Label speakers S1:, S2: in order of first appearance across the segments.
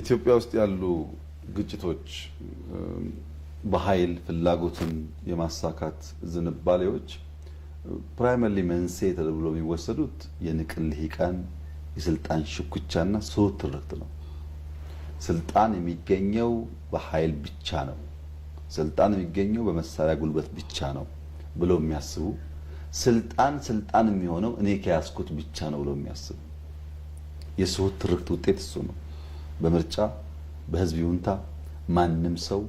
S1: ኢትዮጵያ ውስጥ ያሉ ግጭቶች፣ በኃይል ፍላጎትን የማሳካት ዝንባሌዎች ፕራይመሪ መንስኤ ተብሎ የሚወሰዱት የንቅል ልሂቃን የስልጣን ሽኩቻና ስሁት ትርክት ነው። ስልጣን የሚገኘው በኃይል ብቻ ነው፣ ስልጣን የሚገኘው በመሳሪያ ጉልበት ብቻ ነው ብለው የሚያስቡ ስልጣን ስልጣን የሚሆነው እኔ ከያዝኩት ብቻ ነው ብለው የሚያስቡ የስሁት ትርክት ውጤት እሱ ነው። በምርጫ በህዝብ ይሁንታ ማንም ሰው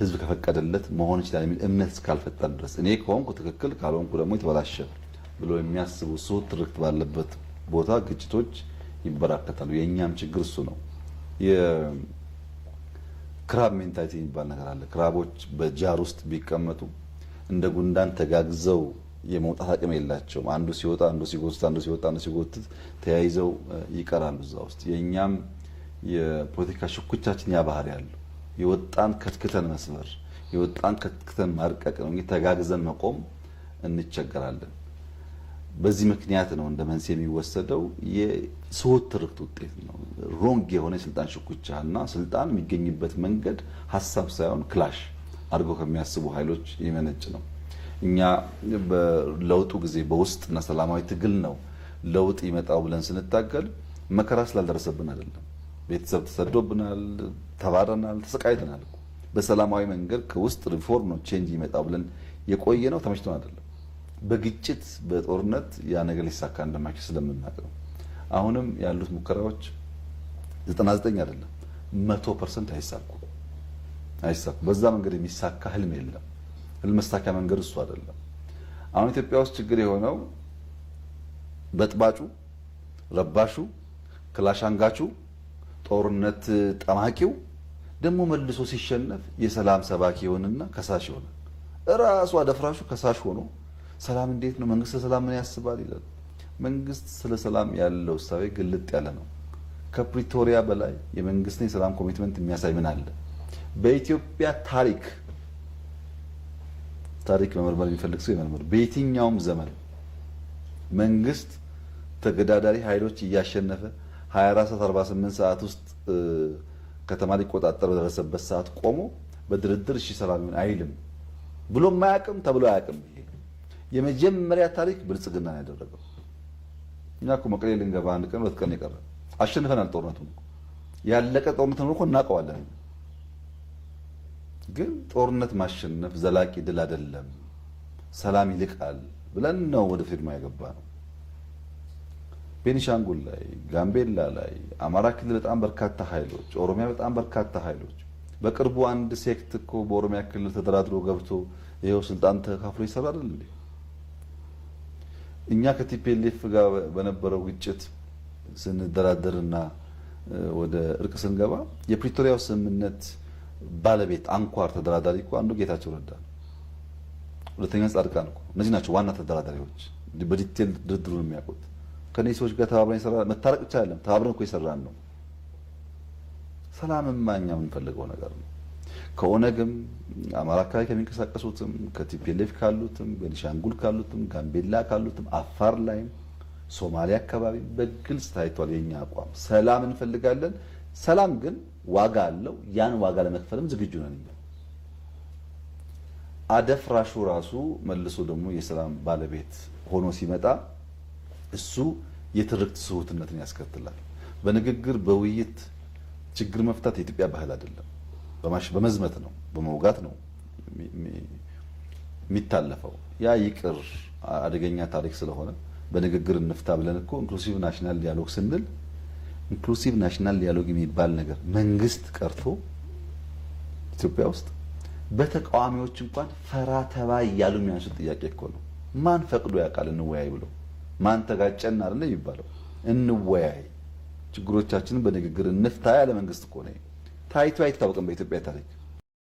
S1: ህዝብ ከፈቀደለት መሆን ይችላል የሚል እምነት እስካልፈጠር ድረስ እኔ ከሆንኩ ትክክል ካልሆንኩ ደግሞ የተበላሸ ብሎ የሚያስቡ ስሁት ትርክት ባለበት ቦታ ግጭቶች ይበራከታሉ። የእኛም ችግር እሱ ነው። የክራብ ሜንታሊቲ የሚባል ነገር አለ። ክራቦች በጃር ውስጥ ቢቀመጡ እንደ ጉንዳን ተጋግዘው የመውጣት አቅም የላቸውም። አንዱ ሲወጣ አንዱ ሲጎትት፣ አንዱ ሲወጣ አንዱ ሲጎትት ተያይዘው ይቀራሉ እዛ ውስጥ የእኛም የፖለቲካ ሽኩቻችን ያ ባህሪ ያለው የወጣን ከትክተን መስበር፣ የወጣን ከትክተን ማርቀቅ ነው። ተጋግዘን መቆም እንቸገራለን። በዚህ ምክንያት ነው እንደ መንስኤ የሚወሰደው የስሁት ትርክት ውጤት ነው። ሮንግ የሆነ የስልጣን ሽኩቻ እና ስልጣን የሚገኝበት መንገድ ሀሳብ ሳይሆን ክላሽ አድርጎ ከሚያስቡ ኃይሎች የመነጭ ነው። እኛ በለውጡ ጊዜ በውስጥ እና ሰላማዊ ትግል ነው ለውጥ ይመጣው ብለን ስንታገል መከራ ስላልደረሰብን አይደለም። ቤተሰብ ተሰዶብናል፣ ተባረናል፣ ተሰቃይተናል። በሰላማዊ መንገድ ከውስጥ ሪፎርም ነው ቼንጅ ይመጣ ብለን የቆየ ነው። ተመችቶን አይደለም። በግጭት በጦርነት ያ ነገር ሊሳካ እንደማይችል ስለምናውቅ ነው። አሁንም ያሉት ሙከራዎች 99 አይደለም መቶ ፐርሰንት አይሳኩ አይሳኩ። በዛ መንገድ የሚሳካ ህልም የለም። ህልም መሳኪያ መንገድ እሱ አይደለም። አሁን ኢትዮጵያ ውስጥ ችግር የሆነው በጥባጩ፣ ረባሹ፣ ክላሽ አንጋቹ ጦርነት ጠማቂው ደግሞ መልሶ ሲሸነፍ የሰላም ሰባኪ ይሆንና ከሳሽ ይሆናል። እራሱ አደፍራሹ ከሳሽ ሆኖ ሰላም እንዴት ነው መንግስት ስለሰላም ምን ያስባል ይላል። መንግስት ስለ ሰላም ያለው እሳቤ ግልጥ ያለ ነው። ከፕሪቶሪያ በላይ የመንግስትን የሰላም ኮሚትመንት የሚያሳይ ምን አለ? በኢትዮጵያ ታሪክ ታሪክ መመርመር የሚፈልግ ሰው ይመርምር። በየትኛውም ዘመን መንግስት ተገዳዳሪ ኃይሎች እያሸነፈ 24 ሰዓት 48 ሰዓት ውስጥ ከተማ ሊቆጣጠር በደረሰበት ሰዓት ቆሞ በድርድር እሺ ሰላም አይልም ብሎም አያውቅም ተብሎ አያውቅም። የመጀመሪያ ታሪክ ብልጽግና ነው ያደረገው እኛ እኮ መቀሌ ልንገባ አንድ ቀን ሁለት ቀን የቀረ አሸንፈናል። ጦርነቱን ያለቀ ጦርነት ነው እኮ እናውቀዋለን። ግን ጦርነት ማሸነፍ ዘላቂ ድል አይደለም፣ ሰላም ይልቃል ብለን ነው ወደ ፊርማ የገባ ነው። ቤኒሻንጉል ላይ፣ ጋምቤላ ላይ፣ አማራ ክልል በጣም በርካታ ኃይሎች፣ ኦሮሚያ በጣም በርካታ ኃይሎች። በቅርቡ አንድ ሴክት እኮ በኦሮሚያ ክልል ተደራድሮ ገብቶ ይኸው ስልጣን ተካፍሎ ይሰራል አይደል? እኛ ከቲፒኤልኤፍ ጋር በነበረው ግጭት ስንደራደርና ወደ እርቅ ስንገባ የፕሪቶሪያው ስምምነት ባለቤት አንኳር ተደራዳሪ እኮ አንዱ ጌታቸው ረዳ ነው። ሁለተኛ ጻድቃን እኮ እነዚህ ናቸው ዋና ተደራዳሪዎች፣ በዲቴል ድርድሩን የሚያውቁት። ከነዚህ ሰዎች ጋር ተባብረን ይሰራ መታረቅ ብቻ አይደለም፣ ተባብረን እኮ የሰራን ነው። ሰላምማ እኛ የምንፈልገው ነገር ነው። ከኦነግም አማራ አካባቢ ከሚንቀሳቀሱትም ከቲፒኤልኤፍ ካሉትም ቤኒሻንጉል ካሉትም ጋምቤላ ካሉትም አፋር ላይም ሶማሊያ አካባቢ በግልጽ ታይቷል የኛ አቋም። ሰላም እንፈልጋለን። ሰላም ግን ዋጋ አለው። ያን ዋጋ ለመክፈልም ዝግጁ ነን። አደፍራሹ ራሱ መልሶ ደግሞ የሰላም ባለቤት ሆኖ ሲመጣ እሱ የትርክት ስሁትነትን ያስከትላል። በንግግር በውይይት ችግር መፍታት የኢትዮጵያ ባህል አይደለም። በመዝመት ነው፣ በመውጋት ነው የሚታለፈው። ያ ይቅር፣ አደገኛ ታሪክ ስለሆነ በንግግር እንፍታ ብለን እኮ ኢንክሉሲቭ ናሽናል ዲያሎግ ስንል ኢንክሉሲቭ ናሽናል ዲያሎግ የሚባል ነገር መንግስት ቀርቶ ኢትዮጵያ ውስጥ በተቃዋሚዎች እንኳን ፈራ ተባ እያሉ የሚያንሱት ጥያቄ እኮ ነው። ማን ፈቅዶ ያውቃል እንወያይ ብሎ ማን ተጋጨን አይደለ የሚባለው። እንወያይ፣ ችግሮቻችንን በንግግር እንፍታ ያለ መንግስት እኮ ነው። ታይቶ አይታወቅም በኢትዮጵያ ታሪክ።